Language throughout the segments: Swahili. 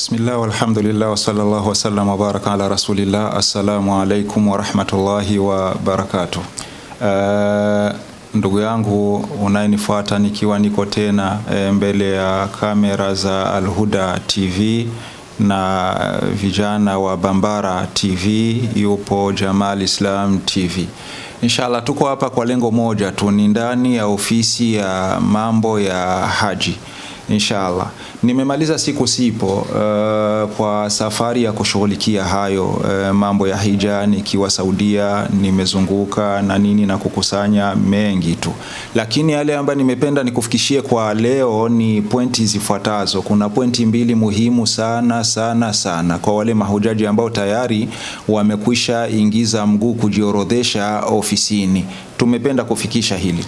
Bismillah walhamdulillah wasallallahu wasallam wabaraka ala rasulillah. Assalamu alaikum warahmatullahi wabarakatuh. Uh, ndugu yangu unayenifuata nikiwa niko tena e, mbele ya kamera za Alhuda TV na vijana wa Bambara TV, yupo Jamal Islam TV. Inshallah tuko hapa kwa lengo moja tu, ni ndani ya ofisi ya mambo ya haji inshallah. Nimemaliza siku sipo uh, kwa safari ya kushughulikia hayo uh, mambo ya hija nikiwa Saudia, nimezunguka na nini na kukusanya mengi tu, lakini yale ambayo nimependa nikufikishie kwa leo ni pointi zifuatazo. Kuna pointi mbili muhimu sana sana sana kwa wale mahujaji ambao tayari wamekwisha ingiza mguu kujiorodhesha ofisini, tumependa kufikisha hili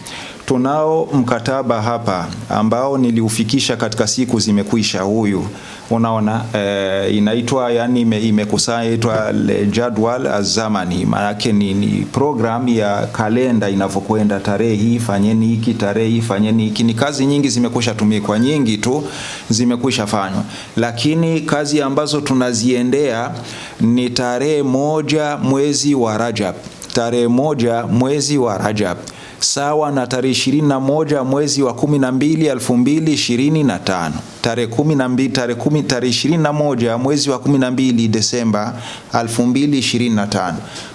tunao mkataba hapa ambao niliufikisha katika siku zimekwisha. Huyu unaona e, inaitwa yani imekusanywa jadwal azamani, maanake ni, ni program ya kalenda inavyokwenda, tarehe hii fanyeni hiki, tarehe hii fanyeni hiki. Ni kazi nyingi zimekwisha tumikwa, nyingi tu zimekwisha fanywa, lakini kazi ambazo tunaziendea ni tarehe moja mwezi wa Rajab, tarehe moja mwezi wa Rajab sawa na tarehe 21 mwezi wa 12 2025. Tarehe 12 tarehe 21 mwezi wa 12 Desemba 2025.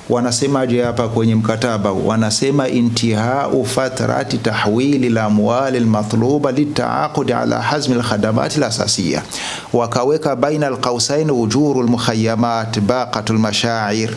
Wanasemaje hapa kwenye mkataba? Wanasema intihau fatrati tahwili la amwali almatluba litaaqudi ala hazmi alkhadamati alasasiya, wakaweka baina alqausain ujuru almukhayamat baqatu almashair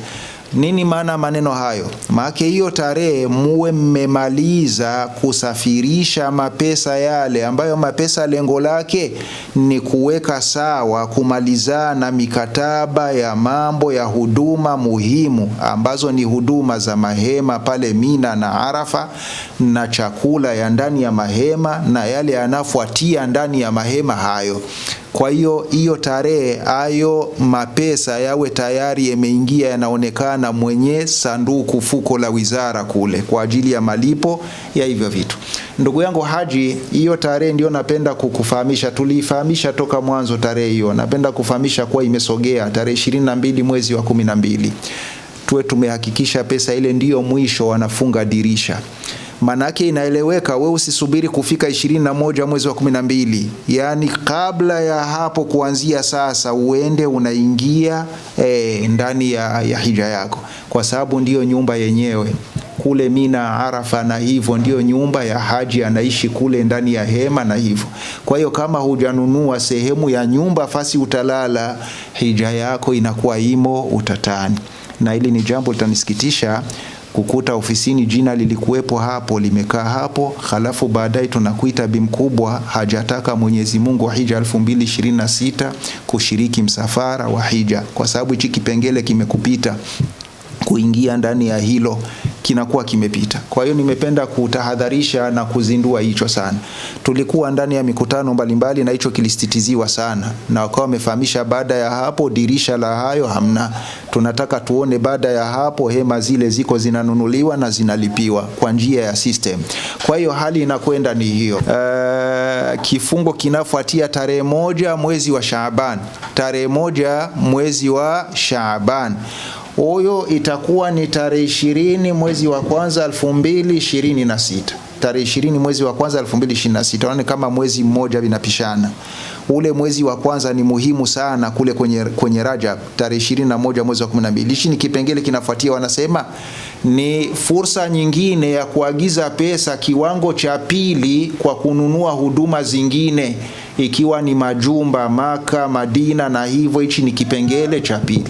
nini maana maneno hayo? Maake hiyo tarehe muwe mmemaliza kusafirisha mapesa yale, ambayo mapesa lengo lake ni kuweka sawa, kumalizana mikataba ya mambo ya huduma muhimu, ambazo ni huduma za mahema pale Mina na Arafa na chakula ya ndani ya mahema na yale yanafuatia ndani ya mahema hayo. Kwa hiyo hiyo tarehe, hayo mapesa yawe tayari yameingia, yanaonekana mwenye sanduku, fuko la wizara kule kwa ajili ya malipo ya hivyo vitu. Ndugu yangu Haji, hiyo tarehe ndio napenda kukufahamisha, tuliifahamisha toka mwanzo tarehe hiyo. Napenda kufahamisha kuwa imesogea tarehe ishirini na mbili mwezi wa kumi na mbili tuwe tumehakikisha pesa ile ndiyo mwisho wanafunga dirisha. Manake inaeleweka, we usisubiri kufika ishirini na moja mwezi wa kumi na mbili, yaani kabla ya hapo, kuanzia sasa uende unaingia e, ndani ya, ya hija yako, kwa sababu ndiyo nyumba yenyewe kule Mina, Arafa na hivyo ndiyo nyumba ya haji, anaishi kule ndani ya hema na hivyo. Kwa hiyo kama hujanunua sehemu ya nyumba fasi utalala, hija yako inakuwa imo utatani, na hili ni jambo litanisikitisha kukuta ofisini jina lilikuwepo hapo limekaa hapo, halafu baadaye tunakuita mkubwa hajataka Mwenyezi Mungu hija 2026 kushiriki msafara wa hija, kwa sababu hichi kipengele kimekupita kuingia ndani ya hilo kinakuwa kimepita. Kwa hiyo nimependa kutahadharisha na kuzindua hicho sana. Tulikuwa ndani ya mikutano mbalimbali na hicho kilistitiziwa sana, na wakawa wamefahamisha, baada ya hapo dirisha la hayo hamna. Tunataka tuone baada ya hapo hema zile ziko zinanunuliwa na zinalipiwa kwa njia ya system. Kwa hiyo hali inakwenda ni hiyo. Uh, kifungo kinafuatia tarehe moja mwezi wa Shaaban, tarehe moja mwezi wa Shaaban huyo itakuwa ni tarehe ishirini mwezi wa kwanza elfu mbili ishirini na sita tarehe ishirini mwezi wa kwanza elfu mbili ishirini na sita Unaona yaani kama mwezi mmoja vinapishana. Ule mwezi wa kwanza ni muhimu sana kule kwenye, kwenye Rajab tarehe ishirini na moja mwezi wa kumi na mbili Hichi ni kipengele kinafuatia, wanasema ni fursa nyingine ya kuagiza pesa kiwango cha pili kwa kununua huduma zingine ikiwa ni majumba Maka, Madina na hivyo, hichi ni kipengele cha pili.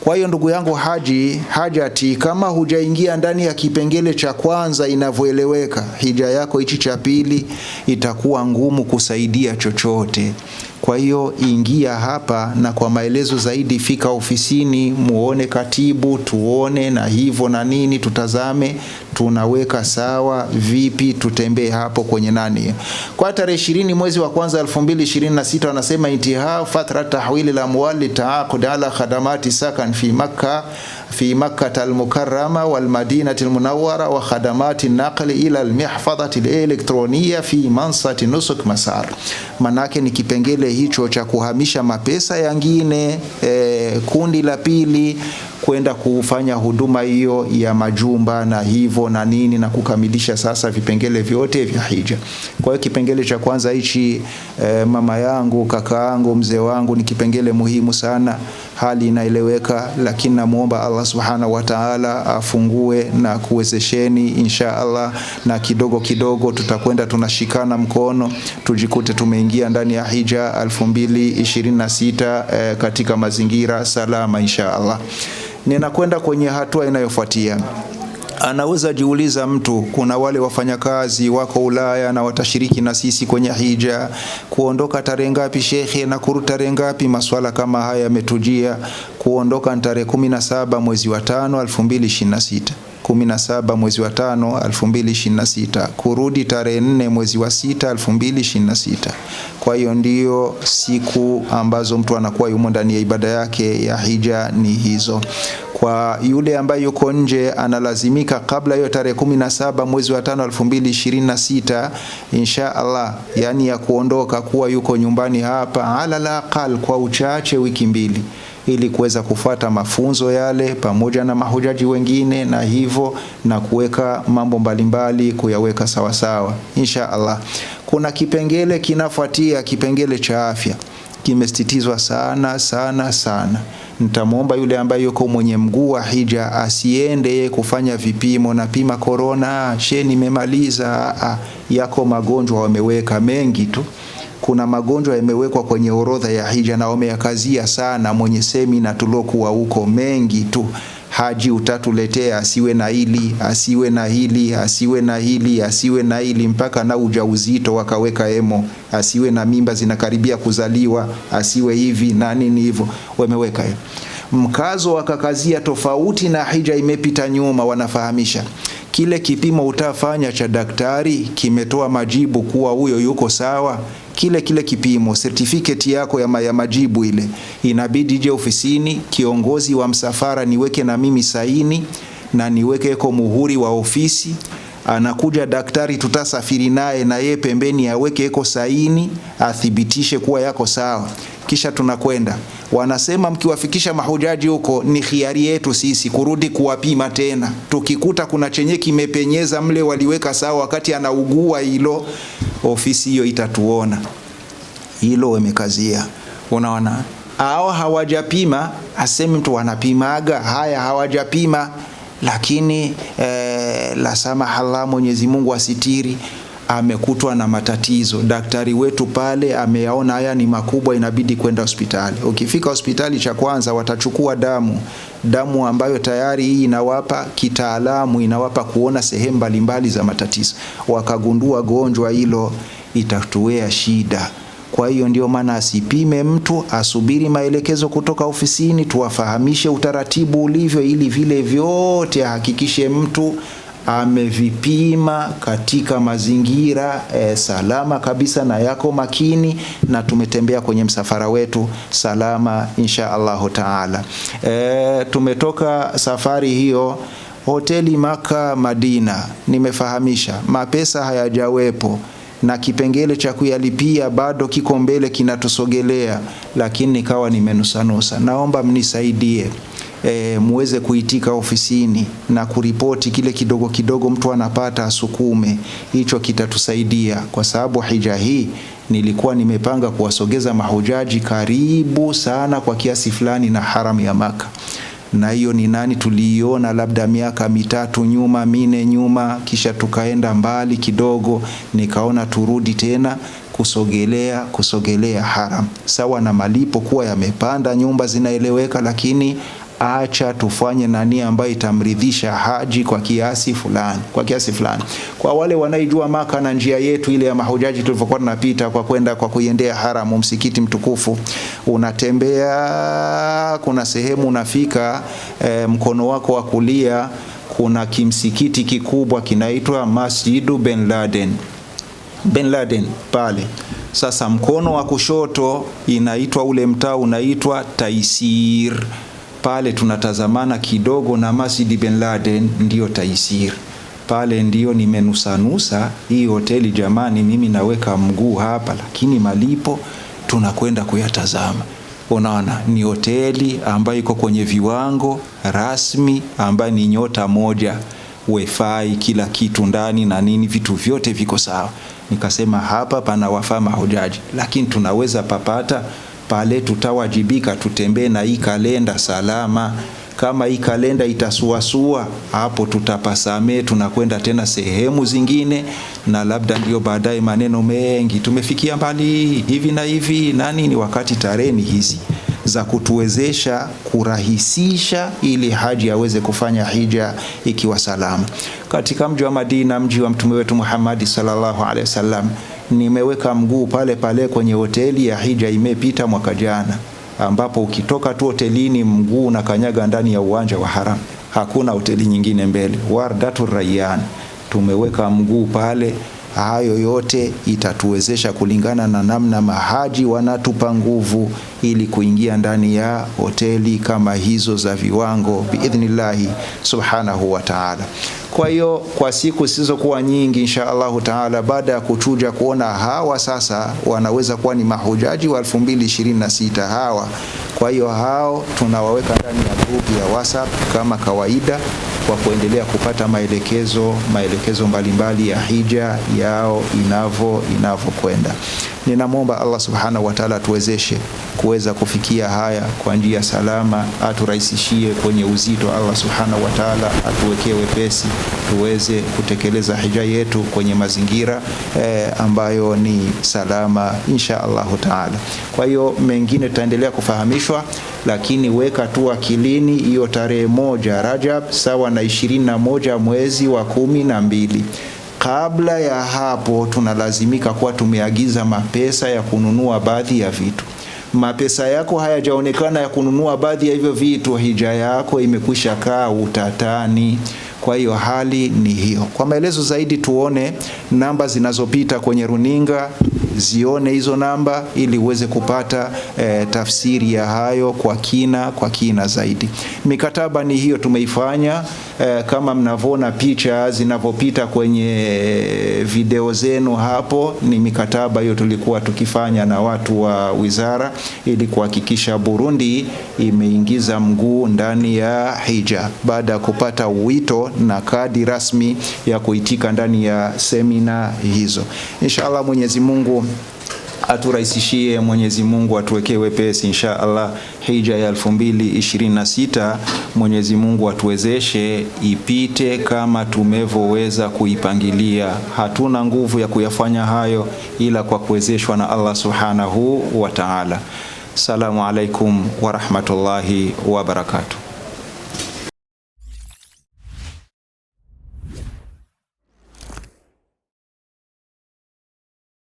Kwa hiyo ndugu yangu Haji Hajati, kama hujaingia ndani ya kipengele cha kwanza inavyoeleweka, hija yako hichi cha pili itakuwa ngumu kusaidia chochote. Kwa hiyo ingia hapa, na kwa maelezo zaidi fika ofisini, muone katibu, tuone na hivyo na nini, tutazame tunaweka sawa vipi, tutembee hapo kwenye nani. Kwa tarehe ishirini mwezi wa kwanza 2026 wanasema intihaa fatra tahwili la muwali taaqud ala khadamati sakan fi makka fi makkah al-Mukarrama wal madinati al-Munawwara wa khadamati naqli ila al-elektroniya fi mansati nusuk masar manake ni kipengele hicho cha kuhamisha mapesa yangine e, eh, kundi la pili kwenda kufanya huduma hiyo ya majumba na hivyo na nini na kukamilisha sasa vipengele vyote vya hija. Kwa hiyo kipengele cha kwanza hichi, e, mama yangu, kaka yangu, mzee wangu, ni kipengele muhimu sana, hali inaeleweka, lakini namuomba Allah subhanahu wa ta'ala afungue na kuwezesheni insha Allah, na kidogo kidogo tutakwenda tunashikana mkono tujikute tumeingia kuingia ndani ya hija 2026 eh, katika mazingira salama insha Allah. Ninakwenda kwenye hatua inayofuatia. Anaweza jiuliza mtu, kuna wale wafanyakazi wako Ulaya na watashiriki na sisi kwenye hija, kuondoka tarehe ngapi shekhe na kurudi tarehe ngapi? Maswala kama haya yametujia. Kuondoka ni tarehe 17 mwezi wa 5 2026. 17 mwezi wa 5 2026, kurudi tarehe nne mwezi wa 6 2026. Kwa hiyo ndio siku ambazo mtu anakuwa yumo ndani ya ibada yake ya hija ni hizo. Kwa yule ambaye yuko nje analazimika kabla hiyo tarehe 17 mwezi wa 5 2026, insha Allah, yani ya kuondoka kuwa yuko nyumbani hapa ala la aqal kwa uchache wiki mbili ili kuweza kufata mafunzo yale pamoja na mahujaji wengine, na hivyo na kuweka mambo mbalimbali kuyaweka sawasawa, insha Allah. Kuna kipengele kinafuatia, kipengele cha afya kimesitizwa sana sana sana. Nitamwomba yule ambaye yuko mwenye mguu wa hija asiende kufanya vipimo, na pima korona she, nimemaliza. Yako magonjwa wameweka mengi tu kuna magonjwa yamewekwa kwenye orodha ya hija na wameyakazia sana. Mwenye semina tulokuwa huko mengi tu Haji utatuletea asiwe na hili asiwe na hili asiwe na hili asiwe na hili, mpaka na ujauzito wakaweka emo, asiwe na mimba zinakaribia kuzaliwa, asiwe hivi na nini hivyo, wameweka mkazo wakakazia, tofauti na hija imepita nyuma. Wanafahamisha kile kipimo utafanya cha daktari kimetoa majibu kuwa huyo yuko sawa kile kile kipimo, certificate yako ya majibu ile inabidi je ofisini, kiongozi wa msafara niweke na mimi saini na niweke ko muhuri wa ofisi. Anakuja daktari, tutasafiri naye na yeye pembeni aweke eko saini, athibitishe kuwa yako sawa, kisha tunakwenda. Wanasema mkiwafikisha mahujaji huko, ni hiari yetu sisi kurudi kuwapima tena, tukikuta kuna chenye kimepenyeza mle waliweka sawa wakati anaugua hilo ofisi hiyo itatuona. Hilo wamekazia, unaona hao hawajapima, asemi mtu wanapimaga haya, hawajapima lakini eh, la samahala, Mwenyezi Mungu asitiri, amekutwa na matatizo. Daktari wetu pale ameyaona haya ni makubwa, inabidi kwenda hospitali. Ukifika hospitali, cha kwanza watachukua damu damu ambayo tayari hii inawapa kitaalamu, inawapa kuona sehemu mbalimbali za matatizo, wakagundua gonjwa hilo itatuwea shida. Kwa hiyo ndio maana asipime mtu, asubiri maelekezo kutoka ofisini, tuwafahamishe utaratibu ulivyo, ili vile vyote ahakikishe mtu amevipima katika mazingira e, salama kabisa na yako makini, na tumetembea kwenye msafara wetu salama insha Allahu taala. E, tumetoka safari hiyo hoteli Maka Madina, nimefahamisha mapesa hayajawepo na kipengele cha kuyalipia bado kiko mbele kinatusogelea, lakini nikawa nimenusanusa, naomba mnisaidie e, muweze kuitika ofisini na kuripoti kile kidogo kidogo mtu anapata asukume, hicho kitatusaidia kwa sababu hija hii nilikuwa nimepanga kuwasogeza mahujaji karibu sana kwa kiasi fulani na haram ya Maka na hiyo ni nani tuliiona labda miaka mitatu nyuma mine nyuma, kisha tukaenda mbali kidogo, nikaona turudi tena kusogelea kusogelea haram. Sawa na malipo kuwa yamepanda, nyumba zinaeleweka, lakini acha tufanye nani ambayo itamridhisha haji kwa kiasi fulani, kwa kiasi fulani. Kwa wale wanaijua Maka na njia yetu ile ya mahujaji tulivyokuwa tunapita kwa kwenda kwa kuiendea haramu, msikiti mtukufu, unatembea kuna sehemu unafika, e, mkono wako wa kulia kuna kimsikiti kikubwa kinaitwa Masjidu Ben Laden Ben Laden pale. Sasa mkono wa kushoto inaitwa ule mtaa unaitwa Taisir pale tunatazamana kidogo na Masjid bin Laden, ndiyo taisir pale, ndio nimenusanusa hii hoteli. Jamani, mimi naweka mguu hapa, lakini malipo tunakwenda kuyatazama. Unaona, ni hoteli ambayo iko kwenye viwango rasmi, ambayo ni nyota moja, wifi, kila kitu ndani na nini, vitu vyote viko sawa. Nikasema hapa pana wafaa mahujaji, lakini tunaweza papata pale tutawajibika tutembee na hii kalenda salama. Kama hii kalenda itasuasua, hapo tutapasamee, tunakwenda tena sehemu zingine, na labda ndio baadaye maneno mengi, tumefikia mbali hivi na hivi na nini, wakati tarehe ni hizi za kutuwezesha kurahisisha ili haji aweze kufanya hija ikiwa salama katika mji wa Madina, mji wa mtume wetu Muhammad sallallahu alaihi wasallam nimeweka mguu pale pale kwenye hoteli ya Hija imepita mwaka jana, ambapo ukitoka tu hotelini mguu unakanyaga ndani ya uwanja wa Haram. Hakuna hoteli nyingine mbele. Wardatu Rayyan tumeweka mguu pale. Hayo yote itatuwezesha kulingana na namna mahaji wanatupa nguvu ili kuingia ndani ya hoteli kama hizo za viwango biidhnillahi subhanahu wa taala. Kwa hiyo kwa siku zisizokuwa nyingi, insha allahu taala, baada ya kuchuja kuona hawa sasa wanaweza kuwa ni mahujaji wa 2026 hawa. Kwa hiyo hao tunawaweka ndani ya grupu ya WhatsApp kama kawaida kwa kuendelea kupata maelekezo maelekezo mbalimbali mbali ya hija yao inavyo inavyokwenda. Ninamwomba Allah subhanahu wa taala atuwezeshe kuweza kufikia haya kwa njia salama, aturahisishie kwenye uzito. Allah subhanahu wa taala atuwekee wepesi, tuweze kutekeleza hija yetu kwenye mazingira eh, ambayo ni salama insha Allahu taala. Kwa hiyo mengine tutaendelea kufahamishwa, lakini weka tu akilini hiyo tarehe moja Rajab sawa na ishirini na moja mwezi wa kumi na mbili. Kabla ya hapo, tunalazimika kuwa tumeagiza mapesa ya kununua baadhi ya vitu. Mapesa yako hayajaonekana ya kununua baadhi ya hivyo vitu, hija yako imekwisha kaa utatani. Kwa hiyo hali ni hiyo. Kwa maelezo zaidi, tuone namba zinazopita kwenye runinga zione hizo namba ili uweze kupata e, tafsiri ya hayo kwa kina kwa kina zaidi. Mikataba ni hiyo tumeifanya e, kama mnavona picha zinavyopita kwenye eh, video zenu hapo, ni mikataba hiyo tulikuwa tukifanya na watu wa wizara ili kuhakikisha Burundi imeingiza mguu ndani ya hija baada ya kupata wito na kadi rasmi ya kuitika ndani ya semina hizo. Inshallah Mwenyezi Mungu aturahisishie Mwenyezi Mungu atuwekee wepesi insha Allah, hija ya 2026 Mwenyezi Mungu atuwezeshe ipite kama tumevyoweza kuipangilia. Hatuna nguvu ya kuyafanya hayo ila kwa kuwezeshwa na Allah subhanahu wa ta'ala. Salamu alaikum warahmatullahi wabarakatuh.